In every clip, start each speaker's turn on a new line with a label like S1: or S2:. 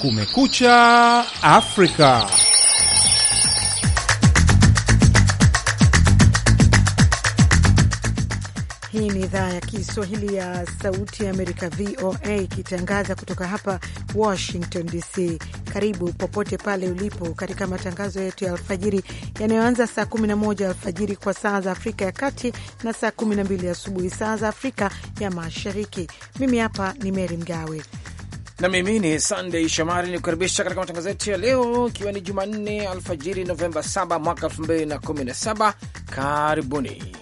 S1: Kumekucha
S2: Afrika.
S3: Hii ni idhaa ya Kiswahili ya Sauti ya Amerika, VOA, ikitangaza kutoka hapa Washington DC. Karibu popote pale ulipo katika matangazo yetu ya alfajiri yanayoanza saa 11 alfajiri kwa saa za Afrika ya Kati na saa 12 asubuhi saa za Afrika ya Mashariki. Mimi hapa ni mery Mgawe
S4: na mimi ni Sunday Shomari, ni kukaribisha katika matangazo yetu ya leo, ikiwa ni Jumanne alfajiri Novemba 7 mwaka 2017. Karibuni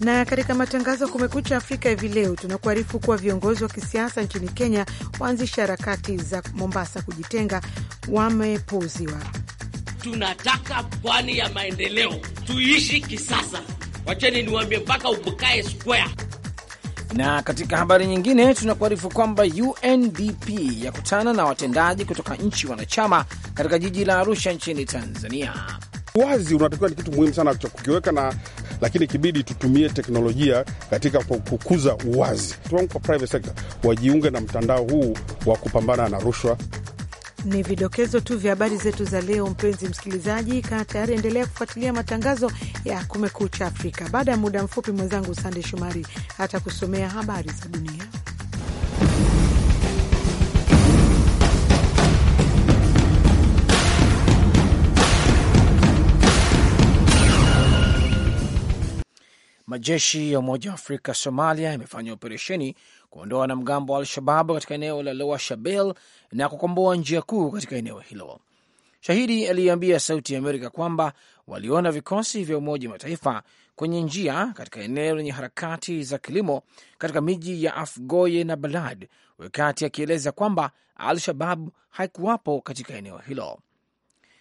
S3: na katika matangazo ya Kumekucha Afrika hivi leo tunakuarifu kuwa viongozi wa kisiasa nchini Kenya waanzisha harakati za Mombasa kujitenga wamepuuziwa.
S5: Tunataka pwani ya maendeleo, tuishi kisasa wacheni niwambie mpaka ubukae square.
S4: Na katika habari nyingine tunakuarifu kwamba UNDP yakutana na watendaji kutoka nchi wanachama katika jiji la Arusha nchini Tanzania.
S1: Wazi unatakiwa ni kitu muhimu sana cha kukiweka na lakini ikibidi tutumie teknolojia katika kukuza uwazi. kwa private sector wajiunge na mtandao huu wa kupambana na rushwa.
S3: Ni vidokezo tu vya habari zetu za leo, mpenzi msikilizaji, kaa tayari, endelea kufuatilia matangazo ya Kumekucha Afrika. Baada ya muda mfupi, mwenzangu Sande Shomari atakusomea habari za dunia.
S4: Majeshi ya Umoja wa Afrika Somalia yamefanya operesheni kuondoa wanamgambo wa al shabab katika eneo la Lower Shabelle na kukomboa njia kuu katika eneo hilo. Shahidi aliyeambia Sauti ya Amerika kwamba waliona vikosi vya Umoja wa Mataifa kwenye njia katika eneo lenye harakati za kilimo katika miji ya Afgoye na Balad, wakati akieleza kwamba Al-Shabab haikuwapo katika eneo hilo.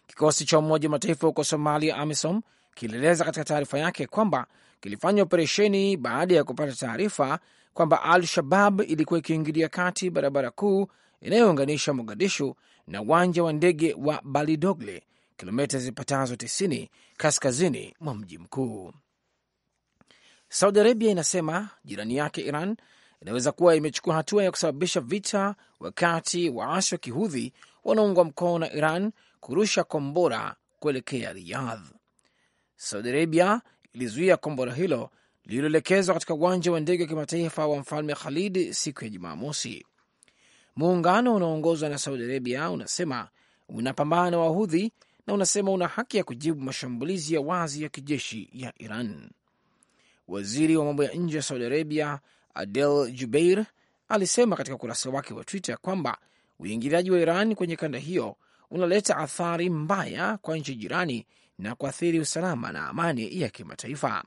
S4: Kikosi cha Umoja wa Mataifa huko Somalia, AMISOM, kilieleza katika taarifa yake kwamba kilifanya operesheni baada ya kupata taarifa kwamba Al-Shabab ilikuwa ikiingilia kati barabara kuu inayounganisha Mogadishu na uwanja wa ndege wa Balidogle, kilomita zipatazo 90 kaskazini mwa mji mkuu. Saudi Arabia inasema jirani yake Iran inaweza kuwa imechukua hatua ya kusababisha vita wakati waasi wa kihudhi wanaungwa mkono na Iran kurusha kombora kuelekea Riyadh. Saudi Arabia ilizuia kombora hilo lililoelekezwa katika uwanja wa ndege wa kimataifa wa Mfalme Khalid siku ya Jumamosi. Muungano unaoongozwa na Saudi Arabia unasema unapambana na Wahudhi na unasema una haki ya kujibu mashambulizi ya wazi ya kijeshi ya Iran. Waziri wa mambo ya nje ya Saudi Arabia Adel Jubeir alisema katika ukurasa wake wa Twitter kwamba uingiliaji wa Iran kwenye kanda hiyo unaleta athari mbaya kwa nchi jirani na kuathiri usalama na amani ya kimataifa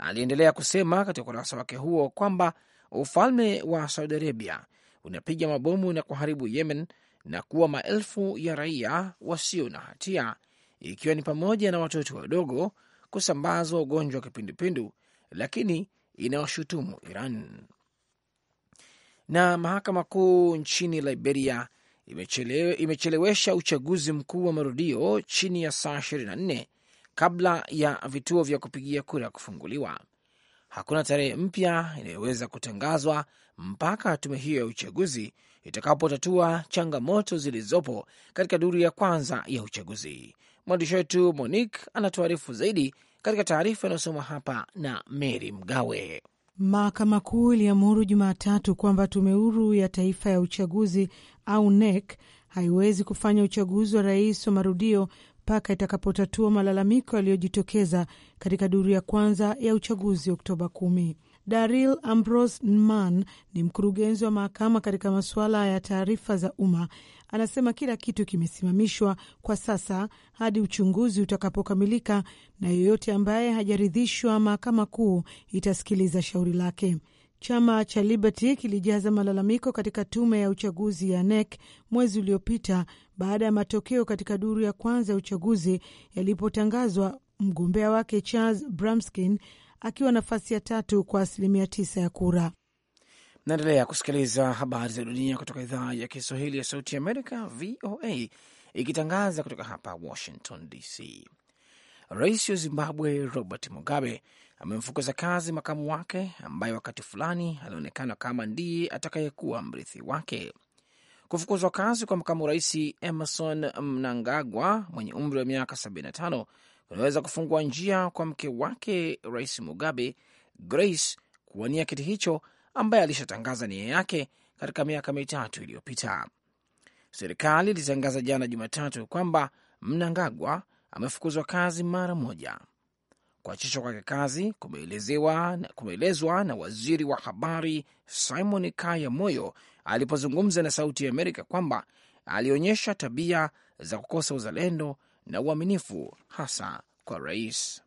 S4: aliendelea kusema katika ukurasa wake huo kwamba ufalme wa Saudi Arabia unapiga mabomu na kuharibu Yemen na kuwa maelfu ya raia wasio na hatia, ikiwa ni pamoja na watoto wadogo, kusambazwa ugonjwa wa kipindupindu, lakini inawashutumu Iran. Na mahakama kuu nchini Liberia imechelewesha uchaguzi mkuu wa marudio chini ya saa 24 kabla ya vituo vya kupigia kura kufunguliwa. Hakuna tarehe mpya inayoweza kutangazwa mpaka tume hiyo ya uchaguzi itakapotatua changamoto zilizopo katika duru ya kwanza ya uchaguzi. Mwandishi wetu Monique anatuarifu zaidi katika taarifa inayosomwa hapa na Mary Mgawe.
S3: Mahakama Kuu iliamuru Jumatatu kwamba tume huru ya taifa ya uchaguzi au NEC haiwezi kufanya uchaguzi wa rais wa marudio mpaka itakapotatua malalamiko yaliyojitokeza katika duru ya kwanza ya uchaguzi Oktoba kumi. Daril Ambrose Nman ni mkurugenzi wa mahakama katika masuala ya taarifa za umma. Anasema kila kitu kimesimamishwa kwa sasa hadi uchunguzi utakapokamilika, na yeyote ambaye hajaridhishwa, mahakama kuu itasikiliza shauri lake. Chama cha Liberty kilijaza malalamiko katika tume ya uchaguzi ya NEC mwezi uliopita baada ya matokeo katika duru ya kwanza ya uchaguzi yalipotangazwa, mgombea wake Charles Bramskin akiwa nafasi ya tatu kwa asilimia tisa ya kura.
S4: Naendelea kusikiliza habari za dunia kutoka idhaa ya Kiswahili ya Sauti Amerika, VOA, ikitangaza kutoka hapa Washington DC. Rais wa Zimbabwe Robert Mugabe amemfukuza kazi makamu wake ambaye wakati fulani alionekana kama ndiye atakayekuwa mrithi wake. Kufukuzwa kazi kwa makamu rais Emerson Mnangagwa mwenye umri wa miaka 75 kunaweza kufungua njia kwa mke wake Rais Mugabe, Grace, kuwania kiti hicho ambaye alishatangaza nia yake katika miaka mitatu iliyopita. Serikali ilitangaza jana Jumatatu kwamba Mnangagwa amefukuzwa kazi mara moja Kuachishwa kwake kazi kumeelezwa na waziri wa habari Simon Kaya Moyo alipozungumza na Sauti ya Amerika kwamba alionyesha tabia za kukosa uzalendo na uaminifu hasa kwa rais.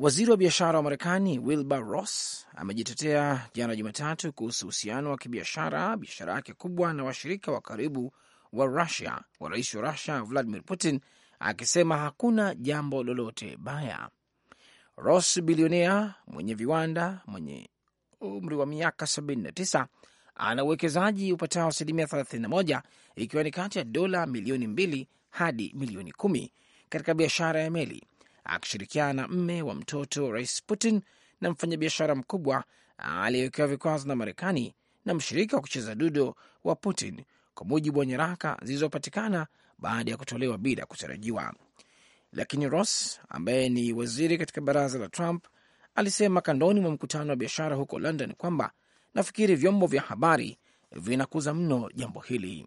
S4: Waziri wa biashara wa Marekani Wilbur Ross amejitetea jana Jumatatu kuhusu uhusiano wa kibiashara biashara yake kubwa na washirika wa karibu wa Rusia wa rais wa Rusia Vladimir Putin akisema hakuna jambo lolote baya. Ross, bilionea mwenye viwanda mwenye umri wa miaka 79 ana uwekezaji upatao asilimia 31 ikiwa ni kati ya dola milioni mbili hadi milioni kumi katika biashara ya meli, akishirikiana na mme wa mtoto Rais Putin na mfanyabiashara mkubwa aliyewekewa vikwazo na Marekani na mshirika wa kucheza dudo wa Putin, kwa mujibu wa nyaraka zilizopatikana baada ya kutolewa bila kutarajiwa. Lakini Ross ambaye ni waziri katika baraza la Trump alisema kandoni mwa mkutano wa biashara huko London kwamba nafikiri vyombo vya habari vinakuza mno jambo hili.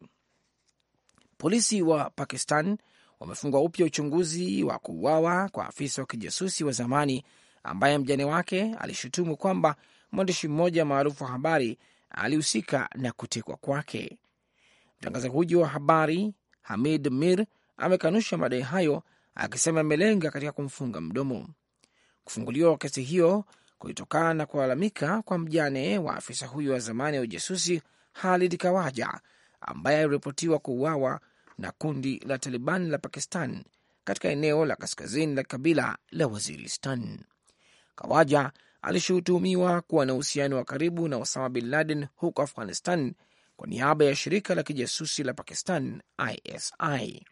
S4: Polisi wa Pakistan wamefungua upya uchunguzi wa kuuawa kwa afisa wa kijasusi wa zamani ambaye mjane wake alishutumu kwamba mwandishi mmoja maarufu wa habari alihusika na kutekwa kwake. Mtangazaji wa habari Hamid Mir amekanusha madai hayo, akisema amelenga katika kumfunga mdomo. Kufunguliwa kwa kesi hiyo kulitokana na kulalamika kwa mjane wa afisa huyo wa zamani wa ujasusi Khalid Kawaja ambaye aliripotiwa kuuawa na kundi la Taliban la Pakistan katika eneo la kaskazini la kabila la Waziristan. Kawaja alishutumiwa kuwa na uhusiano wa karibu na Osama bin Laden huko Afghanistan kwa niaba ya shirika la kijasusi la Pakistan ISI.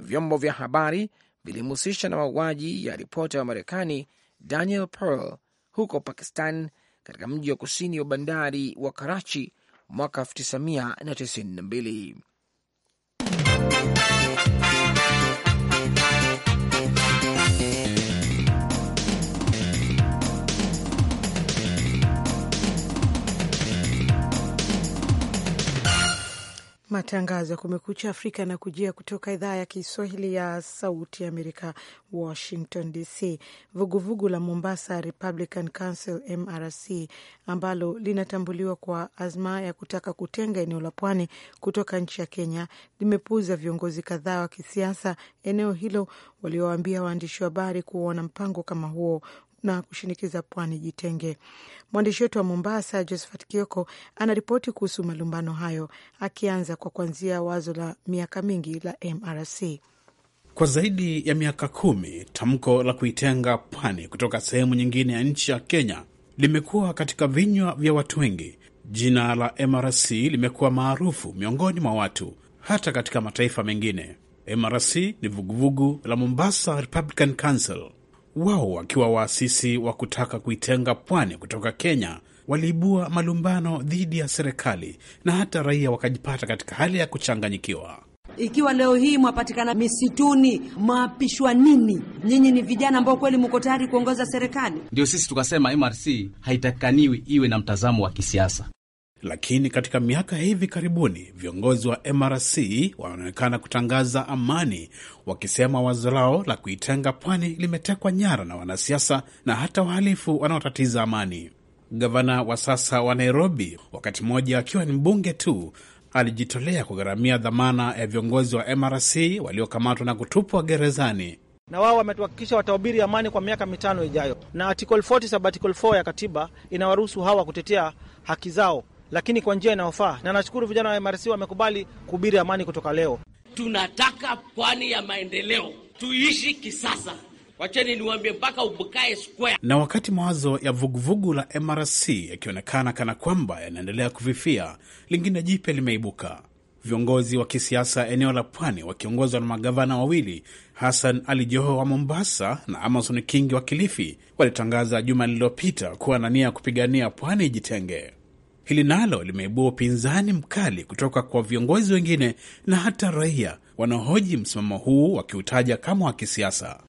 S4: Vyombo vya habari vilimhusisha na mauaji ya ripota wa Marekani Daniel Pearl huko Pakistan, katika mji wa kusini wa bandari wa Karachi mwaka 1992.
S3: Matangazo ya Kumekucha Afrika na kujia kutoka idhaa ya Kiswahili ya Sauti ya Amerika, Washington DC. Vuguvugu la Mombasa Republican Council MRC, ambalo linatambuliwa kwa azma ya kutaka kutenga eneo la pwani kutoka nchi ya Kenya, limepuuza viongozi kadhaa wa kisiasa eneo hilo waliowaambia waandishi wa habari kuwa wana mpango kama huo na kushinikiza pwani jitenge. Mwandishi wetu wa Mombasa, Josephat Kioko, anaripoti kuhusu malumbano hayo, akianza kwa kuanzia wazo la miaka mingi la MRC.
S2: Kwa zaidi ya miaka kumi, tamko la kuitenga pwani kutoka sehemu nyingine ya nchi ya Kenya limekuwa katika vinywa vya watu wengi. Jina la MRC limekuwa maarufu miongoni mwa watu hata katika mataifa mengine. MRC ni vuguvugu la Mombasa Republican Council wao wakiwa waasisi wa kutaka kuitenga pwani kutoka Kenya, waliibua malumbano dhidi ya serikali na hata raia wakajipata katika hali ya kuchanganyikiwa.
S3: Ikiwa leo hii mwapatikana misituni, mwapishwa nini? Nyinyi ni vijana ambao kweli mko tayari
S5: kuongoza serikali.
S2: Ndio sisi tukasema MRC haitakikaniwi iwe na mtazamo wa kisiasa lakini katika miaka ya hivi karibuni viongozi wa MRC wanaonekana kutangaza amani, wakisema wazo lao la kuitenga pwani limetekwa nyara na wanasiasa na hata wahalifu wanaotatiza amani. Gavana wa sasa wa Nairobi, wakati mmoja akiwa ni mbunge tu, alijitolea kugharamia dhamana ya viongozi wa MRC waliokamatwa na kutupwa gerezani
S6: na wao wametuhakikisha watahubiri amani kwa miaka mitano ijayo, na article 40 sub article 4 ya katiba inawaruhusu hawa kutetea haki zao lakini kwa njia inayofaa, na nashukuru vijana wa MRC wamekubali kuhubiri amani kutoka leo.
S5: Tunataka pwani ya maendeleo, tuishi kisasa. Wacheni niwambie mpaka
S2: ubukae square. Na wakati mawazo ya vuguvugu la MRC yakionekana kana kwamba yanaendelea kufifia, lingine jipya limeibuka. Viongozi wa kisiasa eneo la pwani wakiongozwa na magavana wawili Hassan Ali Joho wa Mombasa na amazon Kingi wa Kilifi walitangaza juma lililopita kuwa na nia ya kupigania pwani ijitenge. Hili nalo limeibua upinzani mkali kutoka kwa viongozi wengine na hata raia wanaohoji msimamo huu wakiutaja kama wa kisiasa.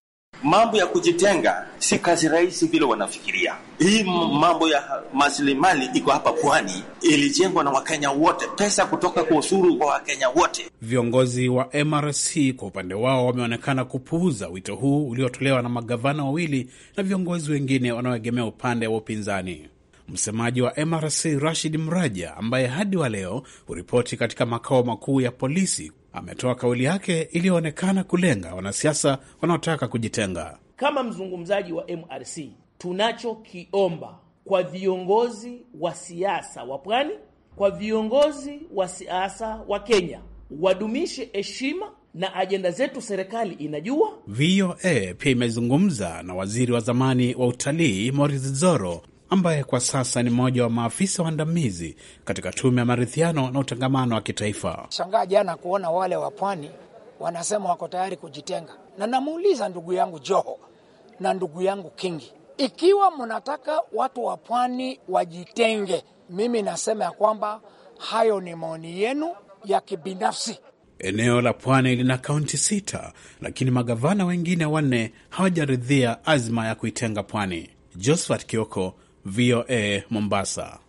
S6: Mambo ya kujitenga si kazi rahisi vile wanafikiria. Hii mambo ya masilimali iko hapa pwani, ilijengwa na Wakenya wote, pesa kutoka kwa ushuru kwa Wakenya wote.
S2: Viongozi wa MRC kwa upande wao wameonekana kupuuza wito huu uliotolewa na magavana wawili na viongozi wengine wanaoegemea upande wa upinzani. Msemaji wa MRC Rashid Mraja, ambaye hadi wa leo huripoti katika makao makuu ya polisi, ametoa kauli yake iliyoonekana kulenga wanasiasa wanaotaka kujitenga.
S4: Kama mzungumzaji wa
S2: MRC, tunachokiomba kwa viongozi wa siasa wa pwani, kwa viongozi wa siasa wa Kenya, wadumishe heshima na ajenda zetu serikali inajua. VOA pia imezungumza na waziri wa zamani wa utalii Moris Zoro ambaye kwa sasa ni mmoja wa maafisa waandamizi katika tume ya maridhiano na utangamano wa kitaifa.
S6: Shangaa jana kuona wale wa pwani wanasema wako tayari kujitenga, na namuuliza ndugu yangu Joho na ndugu yangu
S4: Kingi, ikiwa mnataka watu wa pwani wajitenge, mimi nasema ya kwamba hayo ni maoni yenu ya kibinafsi.
S2: Eneo la pwani lina kaunti sita, lakini magavana wengine wanne hawajaridhia azma ya kuitenga pwani. Josephat Kioko, VOA Mombasa.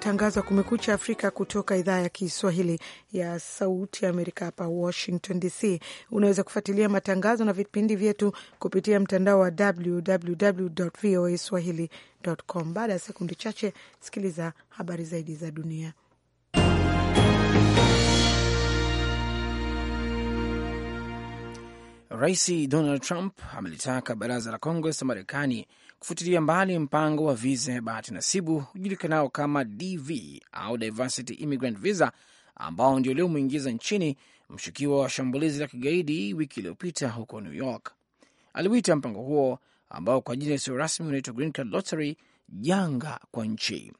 S3: matangazo ya Kumekucha Afrika kutoka idhaa ya Kiswahili ya Sauti Amerika hapa Washington DC. Unaweza kufuatilia matangazo na vipindi vyetu kupitia mtandao wa www voa swahili.com. Baada ya sekundi chache, sikiliza habari zaidi za dunia.
S4: Rais Donald Trump amelitaka baraza la Kongres la Marekani kufutilia mbali mpango wa viza ya bahati nasibu hujulikanao kama DV au diversity immigrant visa, ambao ndio uliomwingiza nchini mshukiwa wa shambulizi la kigaidi wiki iliyopita huko New York. Aliwita mpango huo ambao kwa jina isiyo rasmi unaitwa Green Card Lottery janga kwa nchi.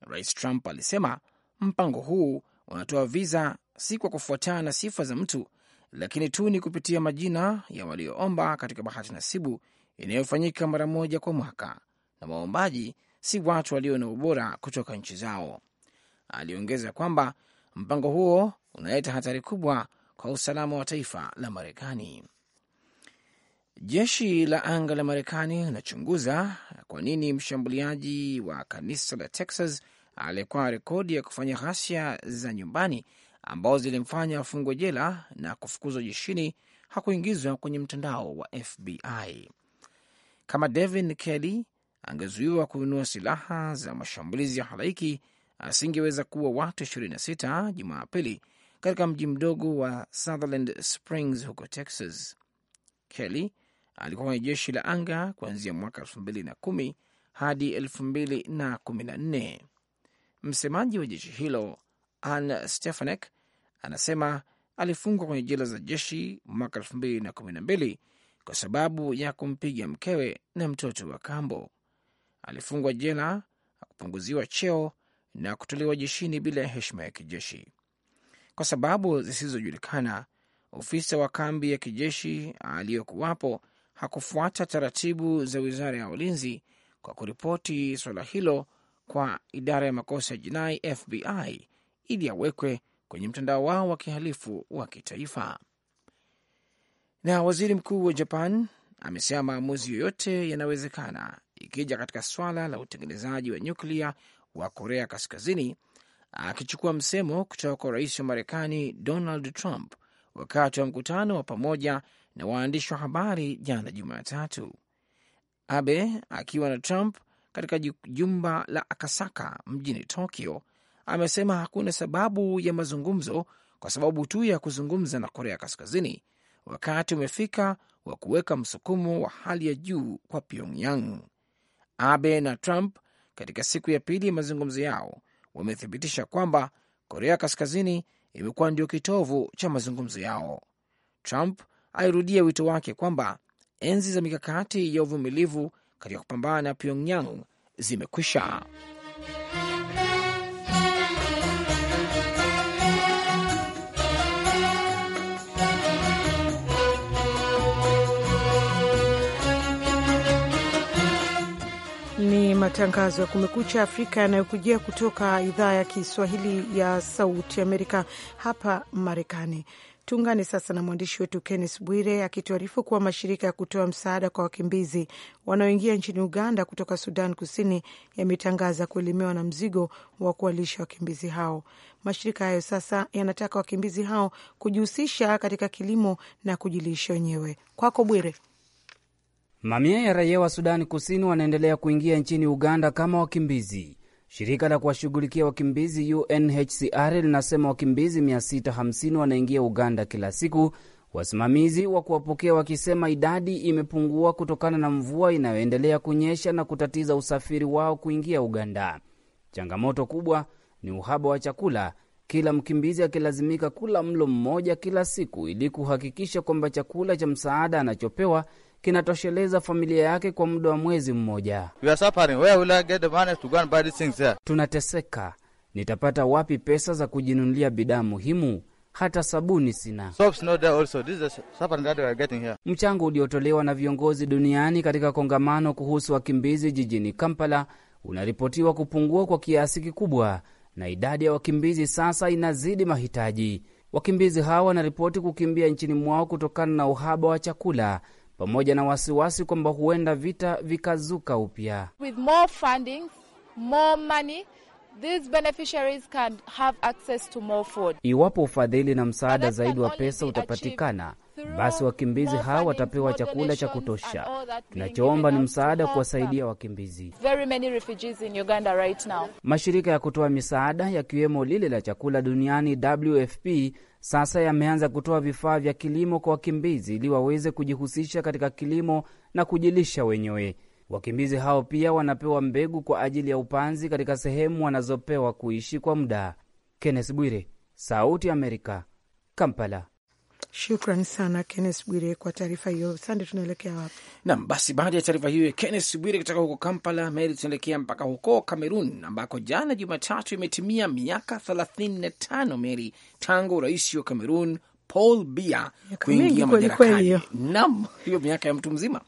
S4: Rais Trump alisema mpango huu unatoa viza si kwa kufuatana na sifa za mtu, lakini tu ni kupitia majina ya walioomba katika bahati nasibu inayofanyika mara moja kwa mwaka, na waombaji si watu walio na ubora kutoka nchi zao. Aliongeza kwamba mpango huo unaleta hatari kubwa kwa usalama wa taifa la Marekani. Jeshi la anga la Marekani linachunguza kwa nini mshambuliaji wa kanisa la Texas aliyekuwa rekodi ya kufanya ghasia za nyumbani ambao zilimfanya afungwe jela na kufukuzwa jeshini hakuingizwa kwenye mtandao wa FBI. Kama Devin Kelly angezuiwa kununua silaha za mashambulizi ya halaiki, asingeweza kuwa watu 26 Jumapili katika mji mdogo wa Sutherland Springs huko Texas. Kelly alikuwa kwenye jeshi la anga kuanzia mwaka 2010 hadi 2014. Msemaji wa jeshi hilo Ann Stefanek anasema alifungwa kwenye jela za jeshi mwaka 2012 kwa sababu ya kumpiga mkewe na mtoto wa kambo. Alifungwa jela, akupunguziwa cheo na kutolewa jeshini bila ya heshima ya kijeshi. Kwa sababu zisizojulikana, ofisa wa kambi ya kijeshi aliyokuwapo hakufuata taratibu za wizara ya ulinzi kwa kuripoti suala hilo kwa idara ya makosa ya jinai FBI ili awekwe kwenye mtandao wao wa kihalifu wa kitaifa. Na waziri mkuu wa Japan amesema maamuzi yoyote yanawezekana ikija katika swala la utengenezaji wa nyuklia wa Korea Kaskazini, akichukua msemo kutoka kwa rais wa Marekani Donald Trump wakati wa mkutano wa pamoja na waandishi wa habari jana Jumatatu. Abe akiwa na Trump katika jumba la Akasaka mjini Tokyo amesema hakuna sababu ya mazungumzo kwa sababu tu ya kuzungumza na Korea Kaskazini wakati umefika wa kuweka msukumo wa hali ya juu kwa Pyongyang. Abe na Trump katika siku ya pili ya mazungumzo yao wamethibitisha kwamba Korea Kaskazini imekuwa ndio kitovu cha mazungumzo yao. Trump alirudia wito wake kwamba enzi za mikakati ya uvumilivu katika kupambana na Pyongyang zimekwisha.
S3: ni matangazo ya Kumekucha Afrika yanayokujia kutoka idhaa ya Kiswahili ya Sauti Amerika hapa Marekani. Tuungane sasa na mwandishi wetu Kennes Bwire akituarifu kuwa mashirika ya kutoa msaada kwa wakimbizi wanaoingia nchini Uganda kutoka Sudan Kusini yametangaza kuelemewa na mzigo wa kuwalisha wakimbizi hao. Mashirika hayo sasa yanataka wakimbizi hao kujihusisha katika kilimo na kujilisha wenyewe. Kwako Bwire.
S5: Mamia ya raia wa Sudani Kusini wanaendelea kuingia nchini Uganda kama wakimbizi. Shirika la kuwashughulikia wakimbizi UNHCR linasema wakimbizi 650 wanaingia Uganda kila siku, wasimamizi wa kuwapokea wakisema idadi imepungua kutokana na mvua inayoendelea kunyesha na kutatiza usafiri wao kuingia Uganda. Changamoto kubwa ni uhaba wa chakula, kila mkimbizi akilazimika kula mlo mmoja kila siku ili kuhakikisha kwamba chakula cha msaada anachopewa kinatosheleza familia yake kwa muda wa mwezi mmoja. Tunateseka, nitapata wapi pesa za kujinunulia bidhaa muhimu? Hata sabuni sina. Mchango uliotolewa na viongozi duniani katika kongamano kuhusu wakimbizi jijini Kampala unaripotiwa kupungua kwa kiasi kikubwa, na idadi ya wakimbizi sasa inazidi mahitaji. Wakimbizi hawa wanaripoti kukimbia nchini mwao kutokana na uhaba wa chakula pamoja na wasiwasi kwamba huenda vita vikazuka upya. Iwapo ufadhili na msaada zaidi wa pesa utapatikana, basi wakimbizi hawa watapewa chakula cha kutosha. Tunachoomba ni msaada kuwasaidia wakimbizi.
S6: Very many refugees in Uganda right
S7: now.
S5: Mashirika ya kutoa misaada yakiwemo lile la chakula duniani WFP sasa yameanza kutoa vifaa vya kilimo kwa wakimbizi ili waweze kujihusisha katika kilimo na kujilisha wenyewe. Wakimbizi hao pia wanapewa mbegu kwa ajili ya upanzi katika sehemu wanazopewa kuishi kwa muda. Kenneth Bwire, Sauti ya Amerika,
S4: Kampala.
S3: Shukran sana Kennes Bwire kwa taarifa hiyo. Sande, tunaelekea wapi?
S4: Naam, basi baada ya taarifa hiyo ya Kennes Bwire kutoka huko Kampala, Meri, tunaelekea mpaka huko Kamerun ambako jana Jumatatu imetimia miaka thelathini na tano Meri tangu rais wa Kamerun Paul Biya kuingia madarakani. Naam, hiyo miaka ya mtu mzima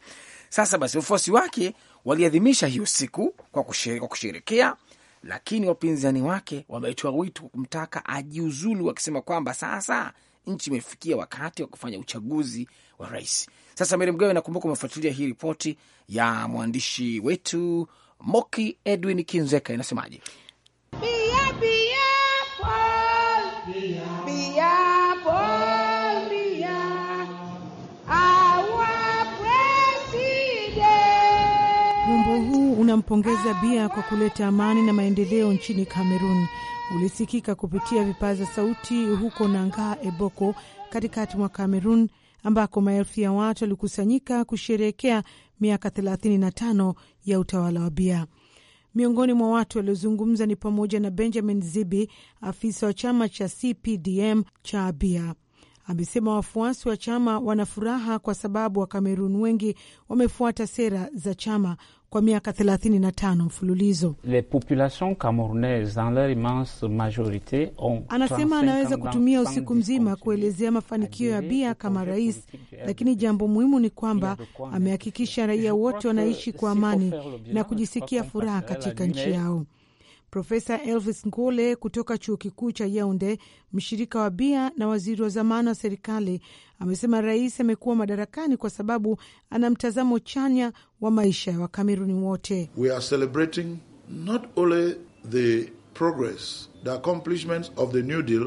S4: sasa. Basi wafuasi wake waliadhimisha hiyo siku kwa kusherekea, lakini wapinzani wake wametoa wito kumtaka ajiuzulu, wakisema kwamba sasa nchi imefikia wakati wa kufanya uchaguzi wa rais. Sasa Meri Mgawe, nakumbuka umefuatilia hii ripoti ya mwandishi wetu Moki Edwin Kinzeka, inasemaje?
S3: Wimbo huu unampongeza Bia kwa kuleta amani na maendeleo nchini Kamerun. Ulisikika kupitia vipaza sauti huko nanga Eboko, katikati mwa Kamerun, ambako maelfu ya watu walikusanyika kusherehekea miaka 35 ya utawala wa Bia. Miongoni mwa watu waliozungumza ni pamoja na Benjamin Zibi, afisa wa chama cha CPDM cha Bia amesema wafuasi wa chama wana furaha kwa sababu Wakamerun wengi wamefuata sera za chama kwa miaka 35 mfululizo.
S5: Anasema anaweza kutumia
S3: usiku mzima kuelezea mafanikio ya bia kama rais, lakini jambo muhimu ni kwamba amehakikisha raia wote wanaishi kwa amani na kujisikia furaha katika nchi yao. Profesa Elvis Ngule kutoka chuo kikuu cha Yaunde, mshirika wa Bia na waziri wa zamani wa serikali, amesema rais amekuwa madarakani kwa sababu ana mtazamo chanya wa maisha ya Wakameruni wote.
S1: We are celebrating not only the progress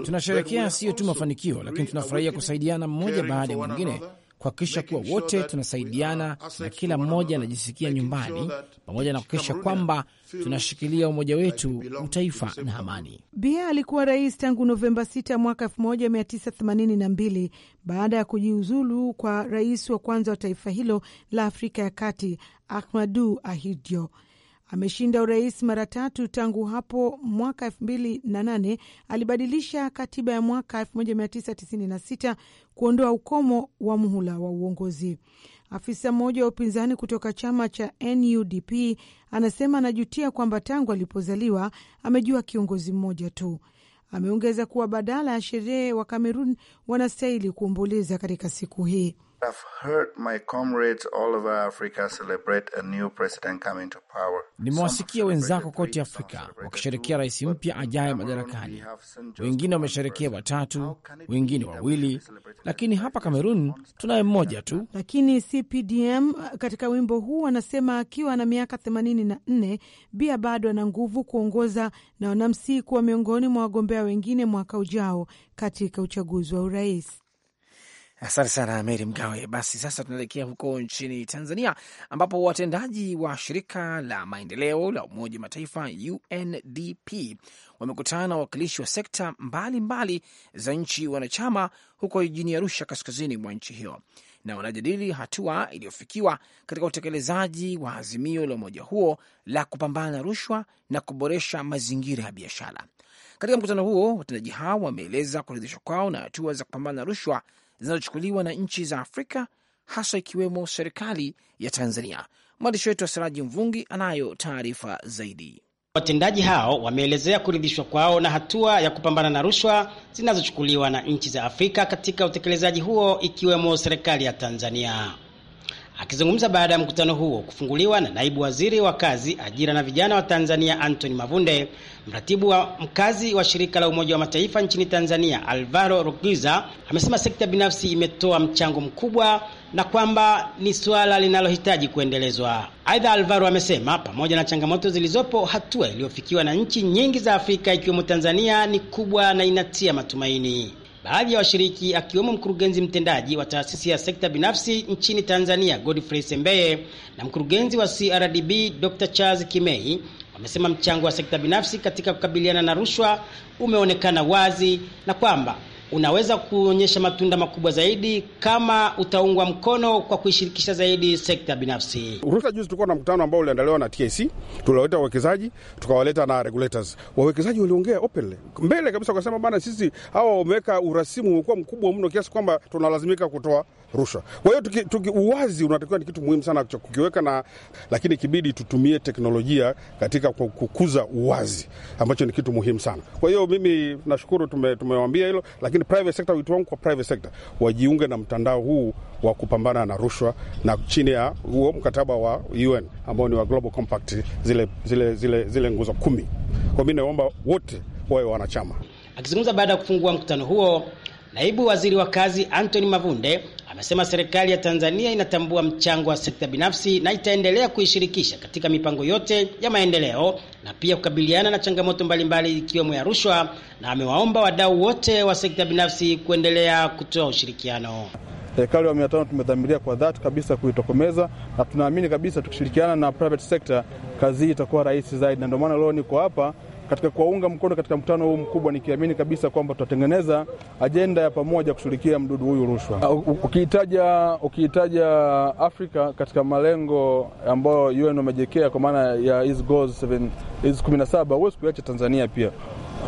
S1: tunasherekea
S4: siyo tu mafanikio, lakini tunafurahia kusaidiana mmoja baada ya mwingine kuhakikisha kuwa wote tunasaidiana na kila mmoja anajisikia nyumbani, pamoja na kuhakikisha kwamba tunashikilia umoja wetu, utaifa na amani.
S3: Bia alikuwa rais tangu Novemba 6 mwaka 1982 baada ya kujiuzulu kwa rais wa kwanza wa taifa hilo la Afrika ya Kati Ahmadu Ahidjo ameshinda urais mara tatu tangu hapo. Mwaka nane alibadilisha katiba ya mwaka sita kuondoa ukomo wa muhula wa uongozi. Afisa mmoja wa upinzani kutoka chama cha NUDP anasema anajutia kwamba tangu alipozaliwa amejua kiongozi mmoja tu. Ameongeza kuwa badala ya sherehe wa Kamerun wanastahili kuomboleza katika siku hii.
S1: I've heard my comrades all over Africa celebrate a new president coming to power.
S4: Nimewasikia
S3: wenzako kote
S4: Afrika wakisherekea rais mpya ajaye madarakani. Wengine wamesherekea watatu, wengine wawili, lakini hapa Kamerun tunaye mmoja tu.
S3: Lakini CPDM uh, katika wimbo huu anasema akiwa na miaka 84 Bia bado ana nguvu kuongoza na wanamsii kuwa miongoni mwa wagombea wengine mwaka ujao katika uchaguzi wa urais.
S4: Asante sana Meri Mgawe. Basi sasa tunaelekea huko nchini Tanzania, ambapo watendaji wa shirika la maendeleo la Umoja Mataifa UNDP wamekutana na wawakilishi wa sekta mbalimbali mbali za nchi wanachama huko jijini Arusha, kaskazini mwa nchi hiyo, na wanajadili hatua iliyofikiwa katika utekelezaji wa azimio la umoja huo la kupambana na rushwa na kuboresha mazingira ya biashara. Katika mkutano huo, watendaji hao wameeleza kuridhishwa kwao na hatua za kupambana na rushwa zinazochukuliwa na nchi za Afrika, hasa ikiwemo serikali
S6: ya Tanzania. Mwandishi wetu wa Seraji Mvungi anayo taarifa zaidi. Watendaji hao wameelezea kuridhishwa kwao na hatua ya kupambana na rushwa zinazochukuliwa na nchi za Afrika katika utekelezaji huo, ikiwemo serikali ya Tanzania. Akizungumza baada ya mkutano huo kufunguliwa na naibu waziri wa kazi, ajira na vijana wa Tanzania Anthony Mavunde, mratibu wa mkazi wa shirika la Umoja wa Mataifa nchini Tanzania Alvaro Rugiza amesema sekta binafsi imetoa mchango mkubwa na kwamba ni suala linalohitaji kuendelezwa. Aidha, Alvaro amesema pamoja na changamoto zilizopo, hatua iliyofikiwa na nchi nyingi za Afrika ikiwemo Tanzania ni kubwa na inatia matumaini. Baadhi ya washiriki akiwemo mkurugenzi mtendaji wa taasisi ya sekta binafsi nchini Tanzania Godfrey Sembeye na mkurugenzi wa CRDB Dr. Charles Kimei wamesema mchango wa sekta binafsi katika kukabiliana na rushwa umeonekana wazi na kwamba unaweza kuonyesha matunda makubwa zaidi kama utaungwa mkono kwa kuishirikisha zaidi sekta binafsi.
S1: Ruka juzi tulikuwa na mkutano ambao uliandaliwa na TIC, tuliwaleta wawekezaji, tukawaleta na regulators. Wawekezaji waliongea openly mbele kabisa, wakasema bana, sisi hawa wameweka urasimu umekuwa mkubwa mno kiasi kwamba tunalazimika kutoa rushwa. Kwa hiyo uwazi unatakiwa ni kitu muhimu sana cha kukiweka na, lakini ikibidi tutumie teknolojia katika kukuza uwazi ambacho ni kitu muhimu sana. Kwa hiyo mimi nashukuru tume, tumewambia hilo lakini lakini private sector, wito wangu kwa private sector wajiunge na mtandao huu wa kupambana na rushwa na chini ya huo mkataba wa UN ambao ni wa Global Compact, zile, zile, zile, zile nguzo kumi. Kwa mimi naomba wote
S6: wawe wanachama. Akizungumza baada ya kufungua mkutano huo Naibu Waziri wa Kazi Anthony Mavunde amesema serikali ya Tanzania inatambua mchango wa sekta binafsi na itaendelea kuishirikisha katika mipango yote ya maendeleo na pia kukabiliana na changamoto mbalimbali ikiwemo ya rushwa, na amewaomba wadau wote wa sekta binafsi kuendelea kutoa ushirikiano.
S7: Serikali ya awamu ya tano tumedhamiria kwa dhati kabisa kuitokomeza, na tunaamini kabisa tukishirikiana na private sector kazi hii itakuwa rahisi zaidi, na ndio maana leo niko hapa katika kuwaunga mkono katika mkutano huu mkubwa, nikiamini kabisa kwamba tutatengeneza ajenda ya pamoja kushughulikia mdudu huyu rushwa. Ah, ukiitaja ukiitaja Afrika katika malengo ambayo UN wamejekea kwa maana ya hizi goals 17 huwezi kuiacha Tanzania pia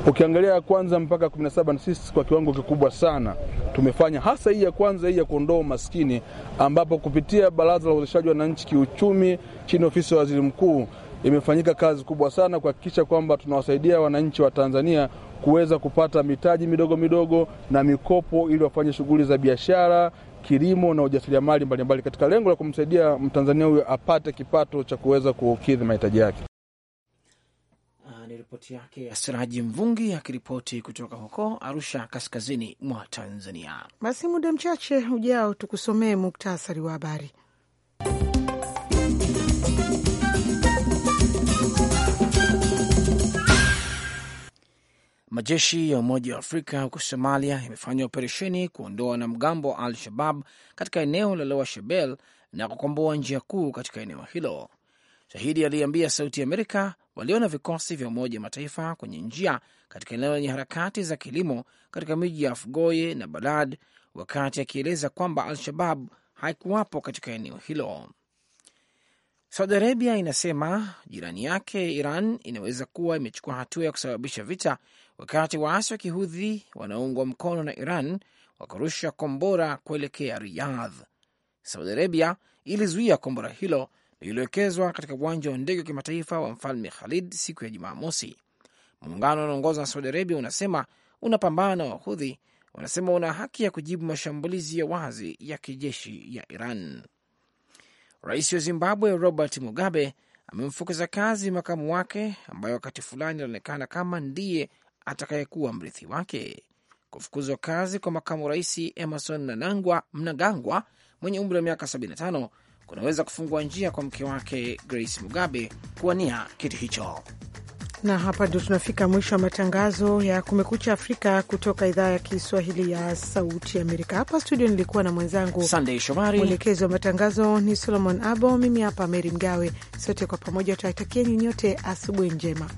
S7: Ukiangalia ya kwanza mpaka 17 na sisi kwa kiwango kikubwa sana tumefanya, hasa hii ya kwanza hii ya kuondoa umaskini, ambapo kupitia Baraza la Uwezeshaji Wananchi Kiuchumi chini Ofisi ya Waziri Mkuu imefanyika kazi kubwa sana kuhakikisha kwamba tunawasaidia wananchi wa Tanzania kuweza kupata mitaji midogo midogo na mikopo ili wafanye shughuli za biashara, kilimo na ujasiriamali mbalimbali katika lengo la kumsaidia Mtanzania huyo apate kipato cha kuweza kukidhi mahitaji yake.
S4: Ah, ni ripoti yake ya Siraji Mvungi akiripoti kutoka huko Arusha, kaskazini mwa Tanzania.
S3: Basi muda mchache ujao tukusomee muktasari wa habari.
S4: Majeshi ya Umoja wa Afrika huko Somalia yamefanya operesheni kuondoa wanamgambo wa Al-Shabab katika eneo la Lower Shebel na kukomboa njia kuu katika eneo hilo. Shahidi aliyeambia Sauti Amerika waliona vikosi vya Umoja Mataifa kwenye njia katika eneo lenye harakati za kilimo katika miji ya Afgoye na Balad, wakati akieleza kwamba Al-Shabab haikuwapo katika eneo hilo. Saudi Arabia inasema jirani yake Iran inaweza kuwa imechukua hatua ya kusababisha vita wakati waasi wa kihudhi wanaoungwa mkono na Iran wakarusha kombora kuelekea Riyadh. Saudi Arabia ilizuia kombora hilo lililowekezwa katika uwanja wa ndege wa kimataifa wa Mfalme Khalid siku ya Jumamosi. Muungano unaongoza wa Saudi Arabia unasema unapambana na Wahudhi, wanasema una haki ya kujibu mashambulizi ya wazi ya kijeshi ya Iran. Rais wa Zimbabwe Robert Mugabe amemfukuza kazi makamu wake ambaye wakati fulani alionekana kama ndiye atakayekuwa mrithi wake. Kufukuzwa kazi kwa makamu rais Emerson Nanangwa Mnangagwa mwenye umri wa miaka 75 kunaweza kufungua njia kwa mke wake Grace Mugabe kuwania kiti hicho.
S3: Na hapa ndio tunafika mwisho wa matangazo ya Kumekucha Afrika kutoka idhaa ya Kiswahili ya Sauti Amerika. Hapa studio nilikuwa na mwenzangu Sandey Shomari, mwelekezi wa matangazo ni Solomon Abo, mimi hapa Meri Mgawe. Sote kwa pamoja tunatakieni nyote asubuhi njema.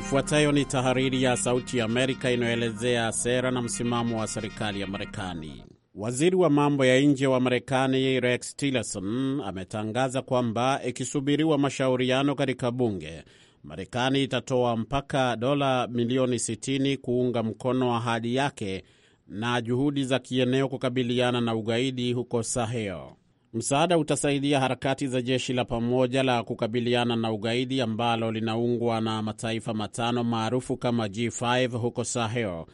S8: Ifuatayo ni tahariri ya Sauti ya Amerika inayoelezea sera na msimamo wa serikali ya Marekani. Waziri wa mambo ya nje wa Marekani Rex Tillerson ametangaza kwamba ikisubiriwa mashauriano katika bunge, Marekani itatoa mpaka dola milioni 60 kuunga mkono ahadi yake na juhudi za kieneo kukabiliana na ugaidi huko Sahel. Msaada utasaidia harakati za jeshi la pamoja la kukabiliana na ugaidi ambalo linaungwa na mataifa matano maarufu kama G5 huko Sahel.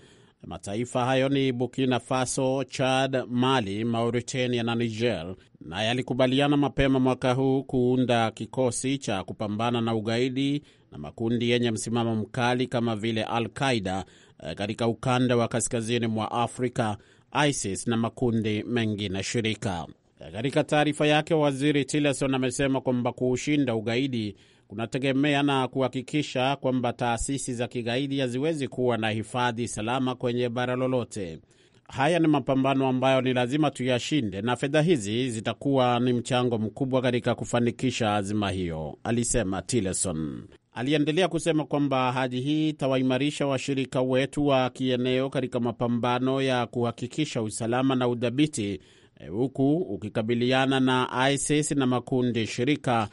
S8: Mataifa hayo ni Burkina Faso, Chad, Mali, Mauritania na Niger, na yalikubaliana mapema mwaka huu kuunda kikosi cha kupambana na ugaidi na makundi yenye msimamo mkali kama vile Al Qaida eh, katika ukanda wa kaskazini mwa Afrika, ISIS na makundi mengine shirika katika taarifa yake, waziri Tillerson amesema kwamba kuushinda ugaidi kunategemea na kuhakikisha kwamba taasisi za kigaidi haziwezi kuwa na hifadhi salama kwenye bara lolote. Haya ni mapambano ambayo ni lazima tuyashinde, na fedha hizi zitakuwa ni mchango mkubwa katika kufanikisha azima hiyo, alisema Tillerson. Aliendelea kusema kwamba ahadi hii itawaimarisha washirika wetu wa kieneo katika mapambano ya kuhakikisha usalama na udhabiti E, huku ukikabiliana na ISIS na makundi shirika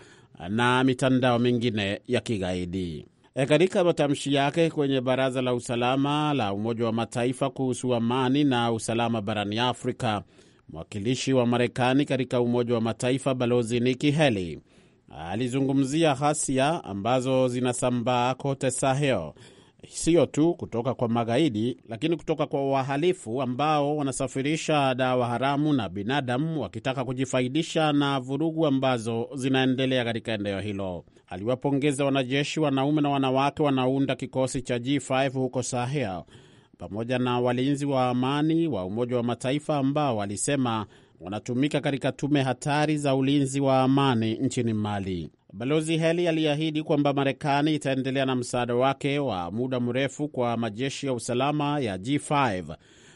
S8: na mitandao mingine ya kigaidi. E, katika matamshi yake kwenye Baraza la Usalama la Umoja wa Mataifa kuhusu amani na usalama barani Afrika, mwakilishi wa Marekani katika Umoja wa Mataifa Balozi Nikki Haley alizungumzia ghasia ambazo zinasambaa kote Sahel sio tu kutoka kwa magaidi, lakini kutoka kwa wahalifu ambao wanasafirisha dawa haramu na binadamu wakitaka kujifaidisha na vurugu ambazo zinaendelea katika eneo hilo. Aliwapongeza wanajeshi wanaume na wanawake wanaunda kikosi cha G5 huko Sahel pamoja na walinzi wa amani wa Umoja wa Mataifa ambao walisema wanatumika katika tume hatari za ulinzi wa amani nchini Mali. Balozi Heli aliahidi kwamba Marekani itaendelea na msaada wake wa muda mrefu kwa majeshi ya usalama ya G5.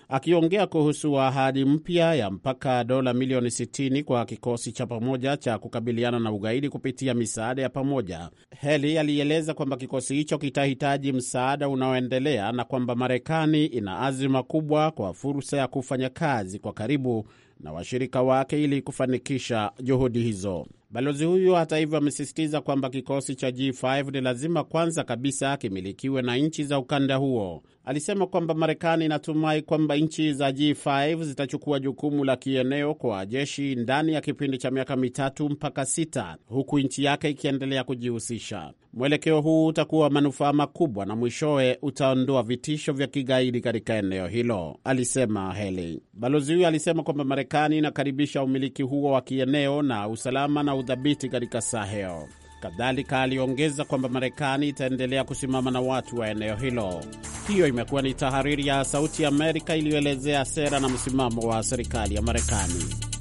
S8: Akiongea kuhusu ahadi mpya ya mpaka dola milioni 60 kwa kikosi cha pamoja cha kukabiliana na ugaidi kupitia misaada ya pamoja, Heli alieleza kwamba kikosi hicho kitahitaji msaada unaoendelea na kwamba Marekani ina azima kubwa kwa fursa ya kufanya kazi kwa karibu na washirika wake ili kufanikisha juhudi hizo. Balozi huyo hata hivyo amesisitiza kwamba kikosi cha G5 ni lazima kwanza kabisa kimilikiwe na nchi za ukanda huo. Alisema kwamba Marekani inatumai kwamba nchi za G5 zitachukua jukumu la kieneo kwa jeshi ndani ya kipindi cha miaka mitatu mpaka sita, huku nchi yake ikiendelea kujihusisha. Mwelekeo huu utakuwa manufaa makubwa na mwishowe utaondoa vitisho vya kigaidi katika eneo hilo, alisema heli Balozi huyo alisema kwamba Marekani inakaribisha umiliki huo wa kieneo na usalama na udhabiti katika Sahel. Kadhalika aliongeza kwamba Marekani itaendelea kusimama na watu wa eneo hilo. Hiyo imekuwa ni tahariri ya Sauti ya Amerika iliyoelezea sera na msimamo wa serikali ya Marekani.